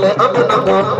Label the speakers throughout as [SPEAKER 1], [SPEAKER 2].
[SPEAKER 1] ne ànd na moom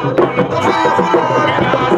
[SPEAKER 1] Thank you.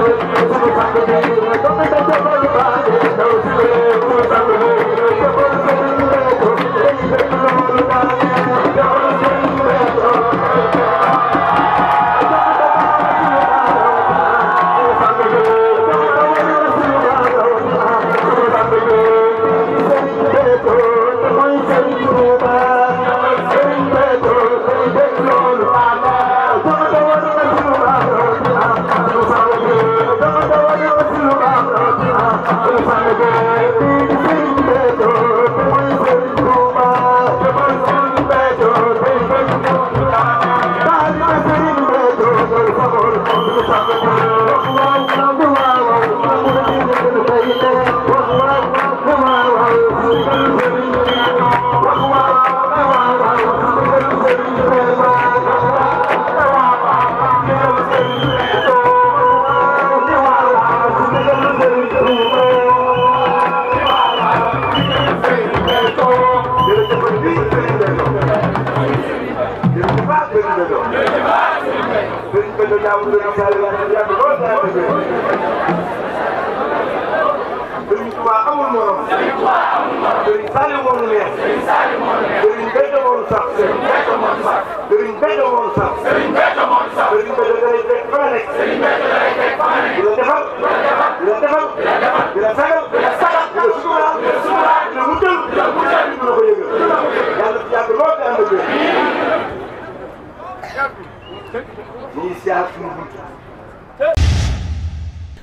[SPEAKER 1] Thank you. bëgg jaamu Sëriñ Saliou yàgg lool saa yàgg lool. Sëriñ Touba amul morom. Sëriñ Saliou moo nu neex. Sëriñ Béthio moo
[SPEAKER 2] nu sax. Sëriñ
[SPEAKER 1] Béthio moo nu sax. Sëriñ Béthio moo nu sax. Sëriñ Béthio day fekk fa la nekk. Sëriñ Béthio day fekk fa la nekk. di la defal. di la defal. di la sagal.